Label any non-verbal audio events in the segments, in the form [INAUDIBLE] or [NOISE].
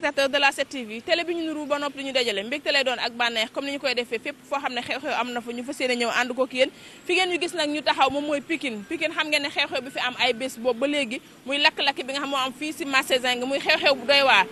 de la 7TV télé bi ñu nuru ba noppi ñu dajale mbégte lay doon ak bànneex comme ni ñu koy defee fépp foo xam ne xew-xew am na fa ñu fas yéene ñëw ànd ko ki fi ngeen ñu gis nag ñu taxaw moom mooy Pikine Pikine xam ngeen ne xew-xew bi fi am ay bés boobu ba léegi muy lakk-lakk bi nga xam am fii si marché Zinc muy xew-xew bu doy waar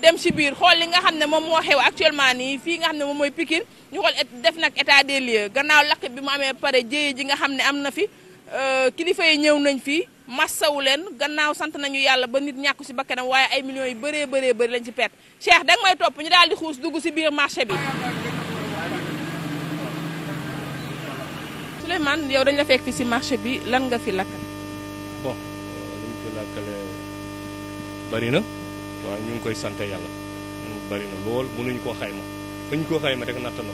dem si biir xool li nga xam ne moom moo xew actuellement nii fii nga xam ne moom mooy Pikine ñu xool def nag état des lieux gannaaw lakk bi mu amee pare jéye ji nga xam ne am na fi euh, kilifa yi ñëw nañ fii massawu leen gannaaw sant nañu yàlla ba nit ñàkku si bakkanam waaye ay millions yu bëree bëree bëri lañ ci perte Cheikh danga may topp ñu daal di xuus dugg si biir marché bi. Souleymane yow dañ la fekk fi si marché bi lan nga fi lakk. bon euh, luñ na waaye ñu ngi koy sant yàlla bëri na lool koo xayma fuñ ko xayma rek natt na ko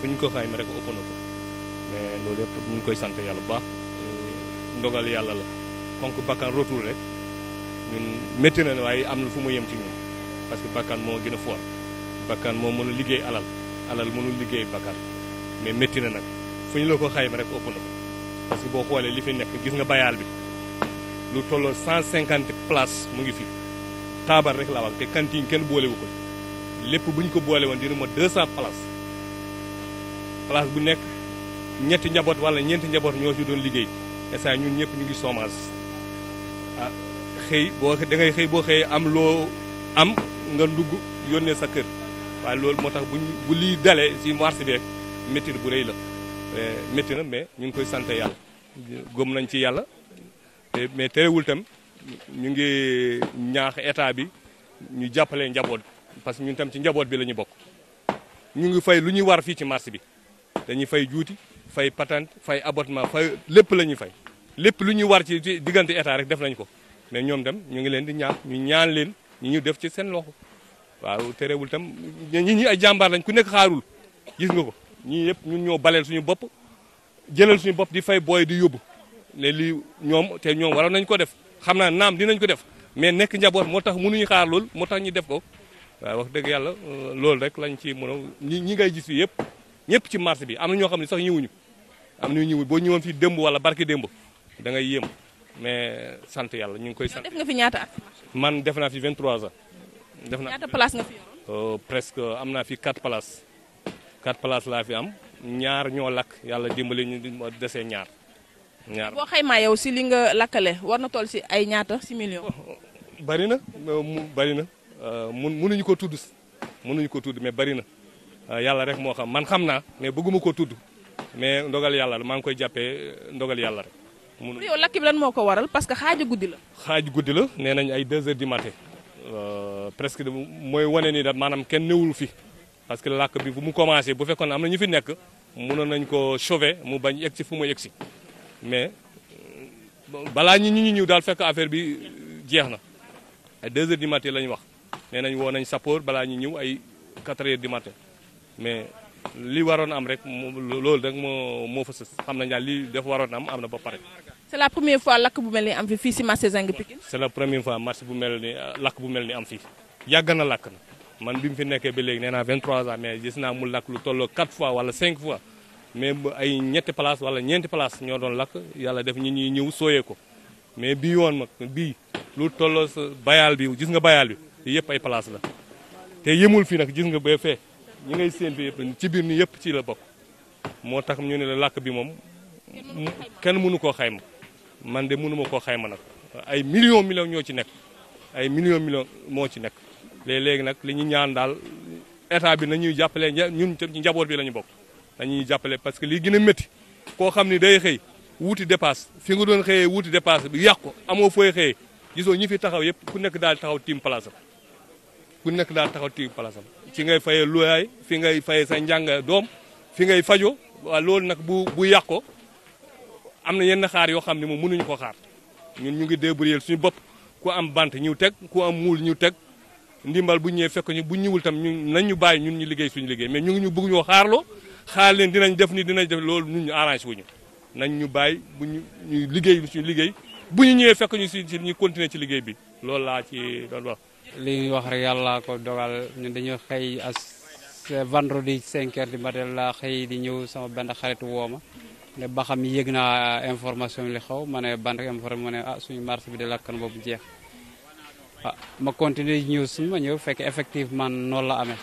fuñ ko xayma rek ëpp ko mais loolu yëpp ñu ngi koy sant yàlla bu baax. ndogal yàlla la kon bakkan retour rek ñun métti na waaye am na fu mu yem ci ñun parce que bakkan moo gën a foor bakkan moo mën a liggéey alal alal mënul liggéey bakkan mais métti na nag fu ñu la ko xayma rek ëpp na parce que boo xoolee li fi nekk gis nga bayaal bi lu tolloo 150 places mu ngi fi taabal rek la wax te cantine kenn boolewu ko lépp bu ñu ko boole woon dina ma 200 places place bu nekk ñetti njaboot wala ñeenti njaboot ñoo ci doon liggéey instant ñun ñëpp ñu ngi chômage ah, xëy boo da ngay xëy boo xëyee am loo am nga ndugg yónnee sa kër waaye loolu moo tax buñ bu lii dalee ci marché bi rek bu rëy la eh, métti na mais ñu ngi koy sant yàlla gëm nañ ci yàlla te mais terewul tam ñu ngi ñaax état bi ñu jàppalee njaboot parce que ñun tam ci njaboot bi la ñu bokk ñu ngi fay lu ñuy war fii ci marché bi dañuy fay juuti fay patente fay abattement fay lépp la ñuy fay lépp lu ñuy war ci diggante état rek def nañ ko mais ñoom dem ñu ngi leen di ñaan ñu ñaan leen ñu ñu def ci seen loxo waaw terewul tam ñi ñi jàmbaar lañ ku nekk xaarul gis nga ko ñii yëpp ñun ñoo baleel suñu bopp jëlal suñu bopp di fay booy di yóbbu ne lii ñoom te ñoom waroon nañ ko def xam naa naam dinañ ko def mais nekk njaboot moo tax mënuñu xaar lool moo tax ñu def ko waaw wax dëgg yàlla euh, loolu rek lañ ci mën a ñi ñi ngay gis yi yëpp ñëpp ci marché bi am na ñoo xam ne sax ñëwuñu am na ñëw boo ñëwoon fii démb wala barki démb dangay ngay mais sant yàlla ñu ngi koy. sant ñaata man def naa fi 23 ans. def naa ñaata place nga fi euh, presque am naa fi 4 places 4 places laa fi am ñaar ñoo lakk yàlla dimbali ñu desee ñaar. ñaar boo xaymaa yow si li nga lakkale war na toll si ay ñaata si million. [LAUGHS] bari na euh, bari na euh, mun munuñu ko tudd munuñu ko tudd mais bari na yàlla rek moo xam man xam naa mais bëgguma ko tudd. mais ndogal yàlla la maa ngi koy jàppee euh, ndogal yàlla rek. pour yow lakk bi lan moo ko waral parce que xaaju guddi la. xaaj guddi la nee nañ ay 2 heures du matin euh, presque mooy wane nii da maanaam kenn newul fi parce que lakk bi bu mu commencé bu fekkoon am na ñu fi nekk mënoon nañ ko sauver mu bañ yegg si fu mu yegg si mais euh, balaa ñu ñu ñu ñëw daal fekk affaire bi jeex na ay 2 heures du matin lañ wax nee nañ woo nañ sapeur balaa ñu ñëw ay 4 heures li waroon am rek loolu moo moo fa sës xam nañ daal li def waroon am am na ba pare. c'est la première fois lakk bu mel ni am fi fii si marché Zinc Pikine. c'est la première fois marché bu mel ni lakk bu mel ni am fii yàgg na lakk na man bi mu fi nekkee ba léegi nee naa 23 ans mais gis naa mu lakk lu tolloo 4 fois wala 5 fois mais ay ñetti place wala ñeenti place ñoo doon lakk yàlla def ñi ñuy ñëw sooyee ko mais bii yoon mag bii lu tolloo sa bayaal bi gis nga bayaal bi yëpp ay place la ñi ngay séentu yëpp ci biir ni yëpp ci la bokk moo tax ñu ne la làkk bi moom kenn mënu koo xayma man de mënuma koo xayma nag ay million million ñoo ci nekk ay million million moo ci nekk léeg-léegi nag li ñu ñaan daal état bi na nañuy jàppale ñun ci njaboot bi la ñu bokk dañuy jàppale parce que lii gën a métti koo xam ni day xëy wuuti dépasse fi nga doon xëyee wuuti dépasse bi yàq ko amoo fooy xëyee gisoo ñi taxaw yëpp ku nekk daal taxaw tiim place am ku nekk daal taxaw tiim place fi ngay fayee luyaay fi ngay fayee sa njàng doom fi ngay fajo waaw loolu nag bu bu yàqoo am na yenn xaar yoo xam ne moom mun mënuñu ko xaar ñun ñu ngi débrouiller suñu bopp ku am bant ñu teg ku am muul ñu teg ndimbal bu ñëwee fekk ñu bu ñëwul tam ñu nañ ñu bàyyi ñun ñu liggéey suñu liggéey mais ñu ngi ñu bëgg ñoo xaarloo xaar leen dinañ def ni dinañ def loolu ñun ñu arrange wuñu nañ ñu bàyyi bu ñu ñu liggéey suñu liggéey bu ñu ñëwee fekk ñu si ñu continuer ci liggéey bi loolu laa ci doon li wax rek yàlla ko dogal ñun dañu xëy as vendredi cinq heures du matin la xëy di ñëw sama benn xarit wooma ma ne ba naa information li xaw ma ne ban information ma ne ah suñu marché bi de lakkan boobu jeex ah ma continuer ñëw suñu ma ñëw fekk effectivement noonu la amee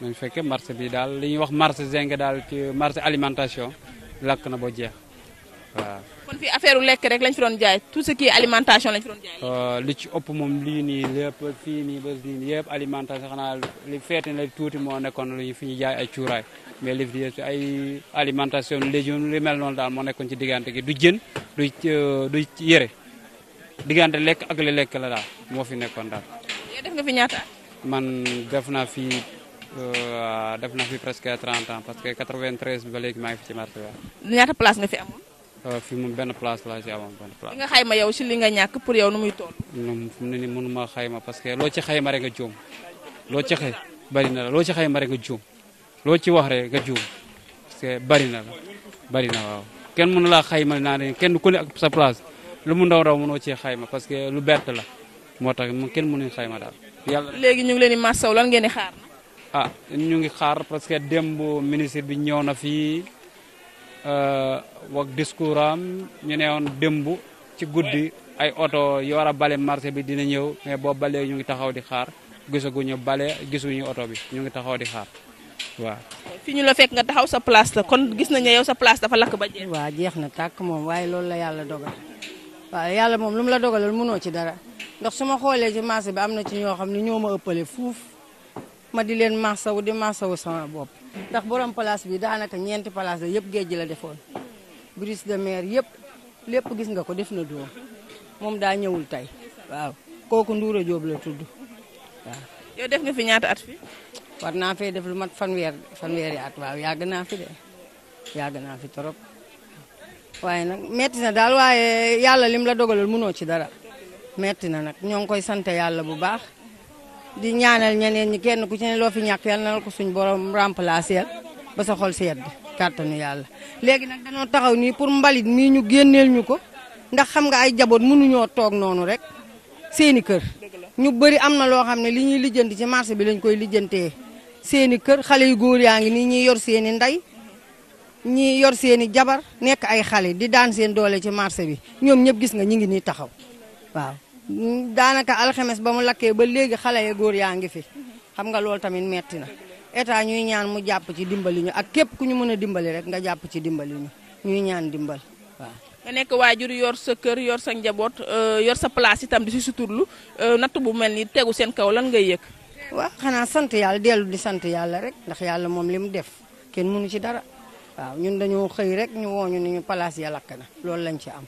mañ fekkee marché bi daal li ñuy wax marché zinc daal ci marché alimentation lakk na ba jeex waaw kon fii affaire lekk rek lañ fi doon jaay tout ce alimentation lañ fi doon jaay. Euh, ci ëpp moom lii nii lépp fii nii ba fii nii yëpp alimentation xanaa li feete na tuuti moo nekkoon lu ñu fi ñuy jaay ay cuuraay mais li fi ay alimentation légumes li mel noon daal moo nekkoon ci diggante gi du jën du euh, du yëre diggante lekk ak li lekk la daal moo fi nekkoon daal. def nga fi ñaata man def naa fi euh, def naa fi presque 30 ans parce que 93 ba léegi maa ngi ci marché bi. ñaata place nga fi amoon. Euh, fii moom benn place laa ci amoon benn place. li nga xayma yow ci li nga ñàkk pour yow nu muy toll. moom mu ne nii xayma parce loo ci xayma rek nga juum loo ci na loo ci xayma rek nga juum loo ci wax rek nga juum parce que bari na la bari na waaw kenn nu laa xayma naa ne kenn ku ne ak sa place lu mu ndaw ndaw mënoo cee xayma parce que lu berte la moo tax kenn mënuñ xayma daal. yàlla léegi ñu ngi leen di masaw lan ngeen di xaar. ah ñu ngi xaar parce que ministre bi ñëw na fii. Euh, wax discours am ñu ne woon démb ci guddi ay oto yi war a bale marché bi dina ñëw mais boo balee ñu ngi taxaw di xaar gisaguñu bale gisuñu oto bi ñu ngi taxaw di xaar waaw. fi ñu la fekk nga taxaw sa place la kon gis nañ ne yow sa place dafa lakk ba jeex. waaw na tàkk moom waaye loolu la yàlla dogal waaw yàlla moom lu mu la dogalal mënoo ci dara ndax su ma xoolee ci marché bi am na ci ñoo xam ne ñoo ma ëppale fuuf. ma di leen maasawu di maasawu sama bopp ndax borom place bii daanaka ñeenti place la yëpp géej la defoon brise de mer yëpp lépp gis nga ko def na doom moom daa ñëwul tey waaw kooku Ndoura Diop la tudd waaw. yow def nga fi ñaata at fi naa fee def lu mat fanweer fanweeri at waaw yàgg naa fi yàgg naa fi trop waaye nag metti na daal waaye yàlla mu la dogalal mënoo ci dara metti na nag ñoo ngi koy sant yàlla bu baax. di ñaanal ñeneen ñi kenn ku ci ne loo fi ñàkk yal na la ko suñ borom remplacer ba sa xol sedd kàttanu yàlla. léegi nag dañoo taxaw nii pour mbalit mii ñu génneel ñu ko ndax xam nga ay jaboot mënuñoo toog noonu rek seeni kër ñu bëri am na loo xam ne li ñu lijjanti ci marché bi lañ koy lijjantee seeni kër xale yu góor yaa ngi nii ñiy yor seeni ndey. ñi yor seeni jabar nekk ay xale di daan seen doole ci marché bi ñoom ñëpp gis nga ñi ngi nii taxaw daanaka alxemes ba mu lakkee ba léegi xale ya góor yaa ngi fi xam nga loolu tamit metti na état ñuy ñaan mu jàpp ci dimbali ñu ak képp ku ñu mën a dimbali rek nga jàpp ci dimbali ñu ñuy ñaan dimbal waaw. nga nekk waajur yor sa kër yor sa njaboot euh, yor sa place itam di si suturlu euh, natt bu mel ni tegu seen kaw lan ngay yëg. waaw xanaa sant yàlla dellu di sant yàlla rek ndax yàlla moom li mu def kenn mënu ci dara waaw ñun dañoo xëy rek ñu wooñu ni ñu place lakk na loolu lañ ci am.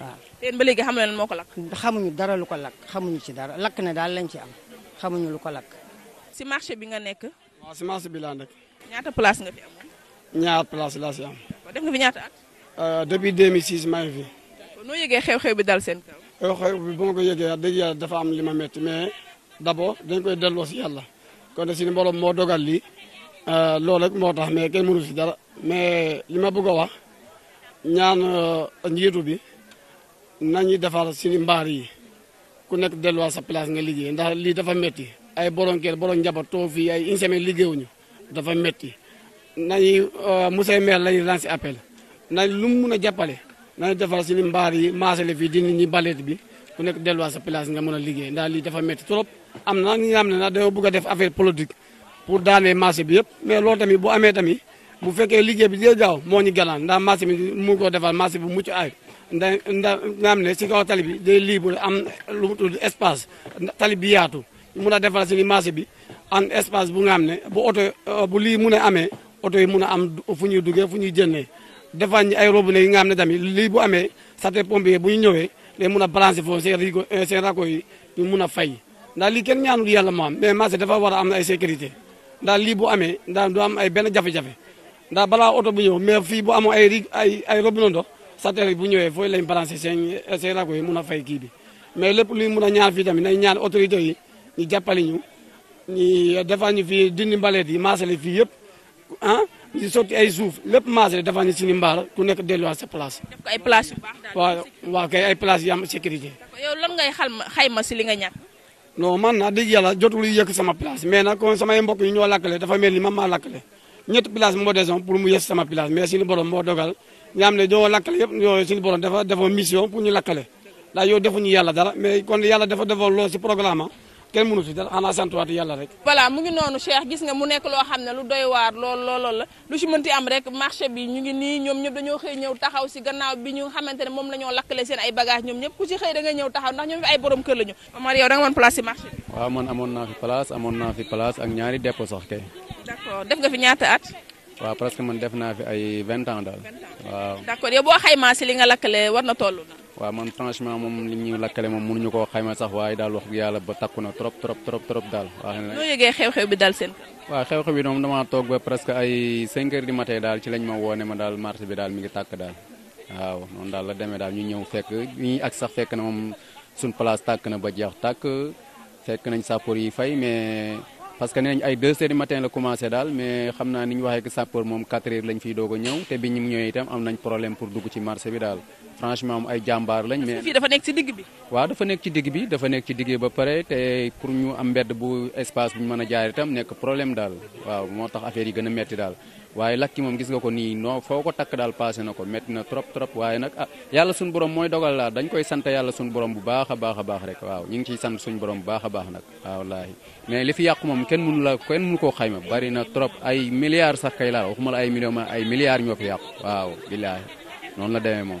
waaw. teen ba léegi xam leen moo ko lakk. xamuñu dara lu ko lakk xamuñu ci dara lakk ne daal lañ ci am xamuñu lu ko lakk. si marché bi nga nekk. waaw si marché bi laa place nga fi ñaar place laa si am. def nga fi ñaata at. Euh, depuis 2006 maa ngi fi. d'accord noo yëgee xew-xew bi daal seen kaw. Euh, xew-xew bi bu ma ko yëgee dëgg yàlla dafa am li ma métti mais d'abord dañ koy delloo si yàlla kon si mbooloo moo dogal lii euh, loolu rek moo tax mais kenn mënu si dara mais li ma bëgg a wax ñaan njiitu bi. nañu defar suñu mbaar yi ku nekk delluwaat sa place nga liggéey ndax lii dafa metti ay borom kër borom njaboot toog fii ay une semaine liggéeyuñu dafa metti nañu euh, monsieur maire lañu lancé appel nañ mun a jàppale nañu defar suñu mbaar yi maasale fii di nit ñi baleet bi ku nekk delluwaat sa place nga mën a liggéey ndax lii dafa metti trop am na ñi nga xam ne nag dañoo bëgg a def affaire politique pour daanee marché bi yëpp mais loolu tamit bu amee tamit bu fekkee liggéey bi dee gaaw moo ñu galaan ndax marché bi mu ko defar marché bu mucc ayib nda naam ne si kaw tali bi day libre am lu mu tudd espace tali bi yaatu mun a defar si marché bi am espace bu nga xam ne bu oto euh, bu lii mun a amee oto yi mun a am fu ñuy duggee fu ñuy jëndee defar ñi ay robinet yi nga xam ne tamit lii bu amee sapeurs pompiers bu ñu ñëwee day mun a balancer foofu seen rigo euh, seen rako yi ñu mun a fay ndax lii kenn ñaanul yàlla moo am mais marché dafa war a am ay sécurité ndax lii bu amee ndax du am ay benn jafe-jafe ndax balaa oto bu ñëw mais fii bu amoo ay ay ay robinet satellite bu ñëwee fooy lañ balancer seen seen rajo yi mun a fay kii bi mais lépp luy mun a ñaan fii tamit nañ ñaan autorités yi ñu jàppale ñu ñu defal ñu fii dindi mbaleet yi maasale fii yëpp ah ñu sotti ay suuf lépp maasale defal ñu suñu mbaar ku nekk delluwaat sa place. def ko ay place yu baax waaw waaw kay ay place yu am sécurité. yow lan ngay xayma xayma si li na dëgg yàlla jotul yëkk sama place mais nag kon samay mbokk yi ñoo lakkale dafa mel ni man maa lakkale ñetti place moo desoon pour mu yës sama place mais suñu borom moo dogal. nga xam ne ñoo lakkale yëpp yooyu suñu borom dafa dafa mission pour ñu lakkale ndax yow defuñu yàlla dara mais kon yàlla dafa dafa loo dara xanaa santuwaat yàlla rek xam ne lu doy waar la lu ñu ngi nii ñu la ñoo lakkale seen ay bagage ñoom ñëpp ku si xëy da nga ñu Omar waaw presque man def naa fi ay vingt ans daal waaw. d'accord yow boo xaymaa si li nga lakkale war na toll. waaw man franchement moom li ñu lakkale moom mënuñu koo xayma sax waaye daal wax yàlla ba takku na trop trop trop trop daal. waaw noo xew-xew bi daal seen waaw xew-xew bi moom damaa toog ba presque ay 5 heures du daal ci lañ ma woone ma daal marché bi daal mi ngi tàkk daal. waaw noonu daal la deme daal ñu ñëw fekk ñi ak sax fekk na moom suñ place takk na ba jeex tàkk fekk nañ sapeur yi fay mais. parce que nee nañ ay 2 heures du matin la commencé daal mais xam naa ni ñu waxee que moom 4 heures lañ fiy doog a ñëw te bi ñu ñëwee itam am nañ problème pour dugg ci marché bi daal. franchement ay jàmbaar lañ. mais digg bi. waaw dafa nekk ci digg bi dafa nekk digg ba pare te bu espace bu ñu mën a jaar itam nekk problème daal waaw moo tax affaire yi gën a metti daal waaye lakki moom gis nga ko nii non foo takk daal passé na ko metti na trop trop waaye nag ah suñu borom mooy dogal laa dañ koy sant yàlla suñu borom bu baax a a baax rek waaw ñu ngi ciy sant suñu borom bu baax a baax nag waaw ah, wallaahi mais li fi yàqu moom kenn mënu la kenn mënu koo xayma bari na trop ay milliards sax kay laa waxuma la ay millions ay milliards ñoo fi yàqu waaw billaahi noonu la demee moom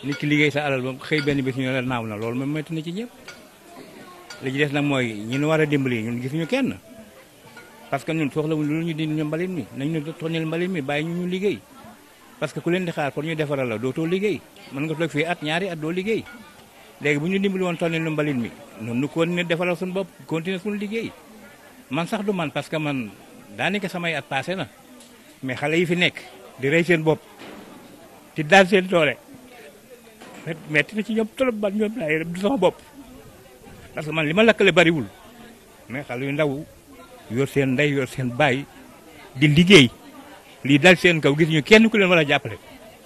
nit ki liggéey sa alal ba xëy benn bis ñu la naaw na loolu moom métti na ci ñëpp ci des nag mooy ñi ñu a dimbali ñun gisuñu kenn parce que ñun soxlawuñ lu ñu dindi mbalit mi nañu ñu tonel mbalit mi bàyyi ñu ñu liggéey parce que ku leen di xaar pour ñu defaral la dootoo liggéey mën nga toog fii at ñaari at doo liggéey léegi bu ñu dimbali woon tonel lu mbalit mi noonu ñu continuer defaral suñu bopp continuer suñu liggéey man sax du man parce que man daanaka samay at passé na mais xale yi fi nekk di rey seen bopp di daal seen doole rek metti na ci ñoom trop man ñoom laay du sama bopp parce que man li ma lakkale bariwul mais xale yu ndaw yor seen ndey yor seen baay di liggéey lii dal seen kaw gis ñu kenn ku leen war a jàppale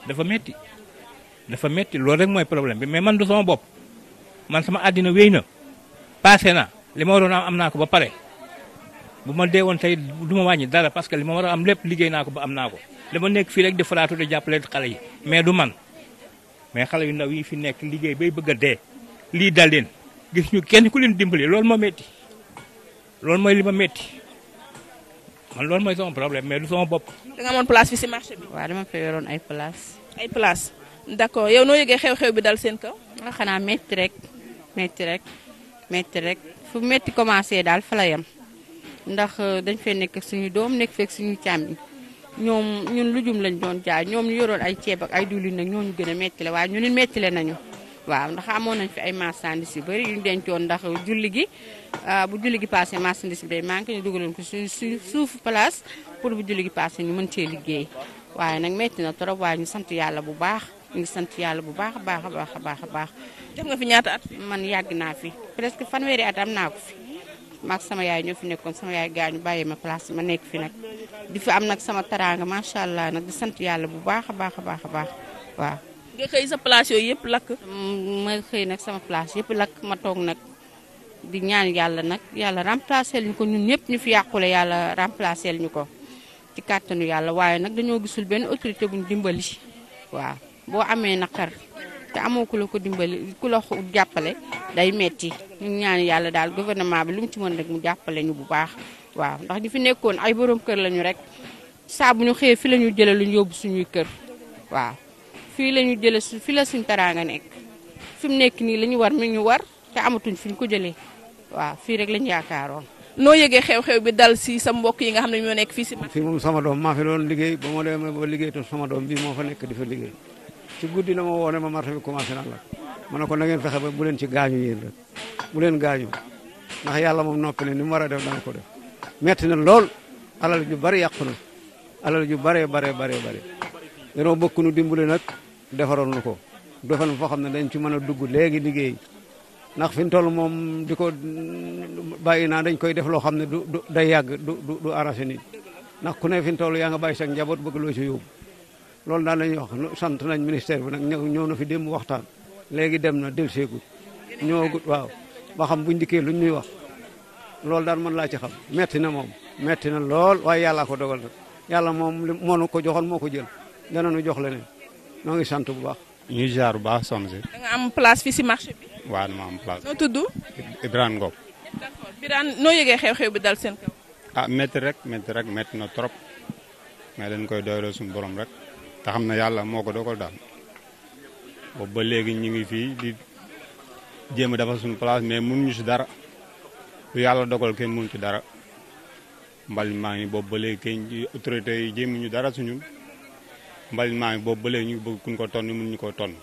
dafa metti dafa metti loolu rek mooy problème bi mais man du sama bopp man sama àddina wéy na na li ma waroon am am naa ko ba pare bu ma dee woon tey du ma wàññi dara parce que li ma war a am lépp liggéey naa ko ba am naa ko dama nekk fii rek di faraatu di jàppale xale yi mais du man mais xale yu ndaw yi fi nekk liggéey bay bëgg de dee lii dal gis ñu kenn ku leen dimbali loolu ma métti loolu mooy li ma metti man loolu mooy sama problème mais du sama bopp. da nga amoon fi si marché bi. waaw dama fa yoroon ay place ay place d'accord yow noo yëgee xew-xew bi dal seen kaw. nga ah, xanaa métti rek metti rek metti rek fu métti commencé daal fa la yem ndax euh, dañ fee nekk suñu doom nekk fekk suñu càmm ñoom ñun lujum lañ doon jaay ñoom ñu yoroon ay ceeb ak ay diwlin nag ñooñu gën a mettile waaye ñu nit mettile waaw ndax amoon nañ fi ay marchandises yu bëri yu ñu dencoon ndax julli gi ah, bu julli gi passé marchandise bi day manqué ñu dugaloon ko suñ suuf place pour bu julli gi passé ñu mën cee liggéey waaye nag metti na trop waaye ñu sant yàlla bu baax ñu sant yàlla bu baax a baax a baax a baax a baax. def fi ñaata at. man yàgg naa fi presque fanweeri at am naa ko fi. maak sama yaay ñoo fi nekkoon sama yaay gaañu bàyyi ma place ma nekk fi nag di fi am nag sama taraanga macha allah nag di sant yàlla bu baax a baax a baax a baax waaw. nga xëy sa place yooyu yëpp lakk. Mm, ma xëy nag sama place yëpp lakk ma toog nag di ñaan yàlla nag yàlla remplacer ñu ko ñun ñëpp ñu fi yàqule yàlla remplacer ñu ko ci kàttanu yàlla waaye nag dañoo gisul benn autorité bu ñu dimbali waaw boo amee naqar. te amoo ku la ko dimbali ku la jàppale day metti ñu ñaan yàlla daal gouvernement bi lu mu ci mën rek mu jàppale ñu bu baax waaw ndax ñi nekkoon ay borom kër lañu rek saa bu ñu xëyee fi la ñu jëlee lu ñu yóbbu suñuy kër waaw fii la ñu jëlee su fi la suñ teraanga nekk fi mu nekk nii la ñu war mi ñu war te amatuñ ñu ko jëlee waaw fii rek lañu yaakaaroon. noo yëgee xew-xew bi dal si sa mbokk xam ne ñoo nekk fii si. fii moom sama doom maa fi doon liggéey ba ma demee ba liggéey te sama doom bii moo fa nekk di fa liggéey. ci guddi la ma woo ma marché bi commencé na la ma ne ko na ngeen fexe ba bu leen ci gaañu yéen rek bu leen gaañu nax yàlla moom noppi ne ni mu war a def dana ko def metti na lool alal ju bari yàqu na alal ju baree baree baree bare danoo bokk nu dimbale nag defaroon nu ko defal foo xam ne dañ ci mën a dugg léegi liggéey ndax fi mu toll moom di ko bàyyi naa dañ koy def loo xam ne du day yàgg du du arrangé nit ndax ku ne fi mu toll yaa nga bàyyi sa njaboot bëgg loo ci yóbbu loolu daal la ñuy wax sant nañ ministère bi nag ñëw na fi démb waxtaan léegi dem na delseegut ñëwagut waaw ba xam buñ dikkee luñ ñuy wax loolu daal mën laa ci xam metti na moom metti na lool waaye yàllaa ko dogal nag yàlla moom moo moonu ko joxoon moo ko jël dana nu jox leneen noo ngi sant bu baax. ñuy ziar bu baax soxna si. da nga am place fi si marché bi. waaw dama am place. noo tudd. Ibrahima Ngop. noo yëgee xew-xew bi dal seen kaw. ah métti rek metti rek métti na trop mais dañ koy doyloo suñu borom rek. te xam ne yàlla moo ko dogal daal boobu ba léegi ñu ngi fii di jéem a defar suñu place mais mënuñu dara lu yàlla dogal kenn mënu ci dara mbalit maa ngi boobu ba léegi kenn autorité yi jéemuñu dara suñu mbalit maa ngi boobu ba léegi ñu bëgg kuñ ko tonni mënuñu ko tonn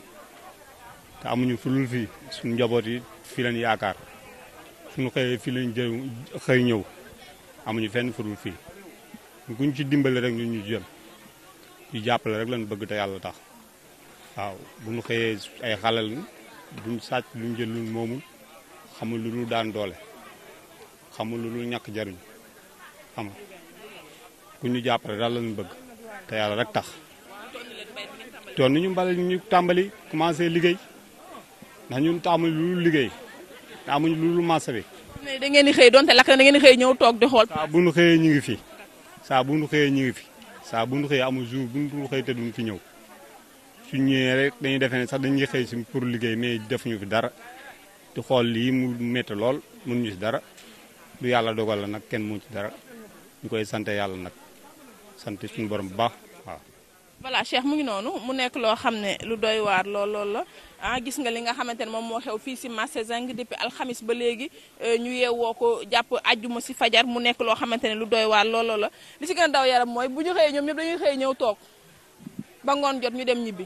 te amuñu fulul fii suñu njaboot yi fii lañ yaakaar suñu xëyee fii lañ jë xëy ñëw amuñu fenn fulul fii kuñ ci dimbali rek ñu ñu jëm ñu jàppale rek lan bëgg te yàlla tax waaw bu ñu xëyee ay xalel duñ sàcc lu jël luñ moomu xamul lu dul daan doole xamul lu dul ñàkk jariñ xam ku ñu jàppale daal lañ bëgg te yàlla rek tax toon ni ñu mbale ñu tàmbali commencé liggéey na ñun taamuñu lu dul liggéey taamuñu lu dul marché bi. da ngeen di xëy donte da ngeen di ñëw toog di xool. saa bu ñu xëyee ngi fi saa bu ñu xëyee ñu fi. saa bu ñu xëyee amul jour bu ñu xëy te duñ fi ñëw su ñëwee rek dañuy defee ne sax dañuy xëy si pour liggéey mais defuñu fi dara di xool lii mu métti lool mënuñu si dara lu yàlla dogal la nag kenn mënu ci dara ñu koy sante yàlla nag sant suñu borom bu baax. voilà Cheikh mu ngi noonu mu nekk loo xam ne lu doy waar lool lool la ah gis nga li nga xamante ne moom moo xew fii si marché Zinc depuis alxamis ba léegi euh, ñu yeewoo ko jàpp ajjuma si fajar mu nekk loo xamante ne lu doy waar lool lool la li si gën a daw yaram mooy bu ñu xëyee ñoom ñëpp dañuy xëy ñëw toog ba ngoon jot ñu dem ñibbi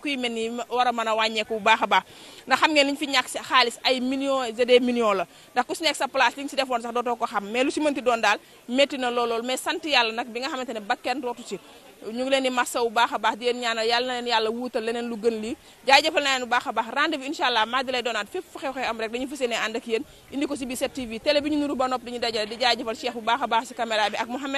kuy yu mel ni war a mën a wàññeeku bu baax a baax ndax xam ngeen li ñu fi ñàkk ay millions et des millions la ndax ku si nekk sa place li nga si defoon sax dootoo ko xam mais lu si mënti doon daal métti na lool lool mais sant yàlla nag bi nga xamante ne bakken dootu si ñu ngi leen di massa bu a baax di leen ñaanal la na leen yàlla wuutal leneen lu gën lii jaajëfal na leen bu baax a baax rendez-vous incha allah maa di lay doonaat fépp fu xew am rek dañu fas yéene ànd ak yéen indi si biir 7TV télé bi ñu nuru ba nopp dañu a baax si caméra bi ak Mouhamed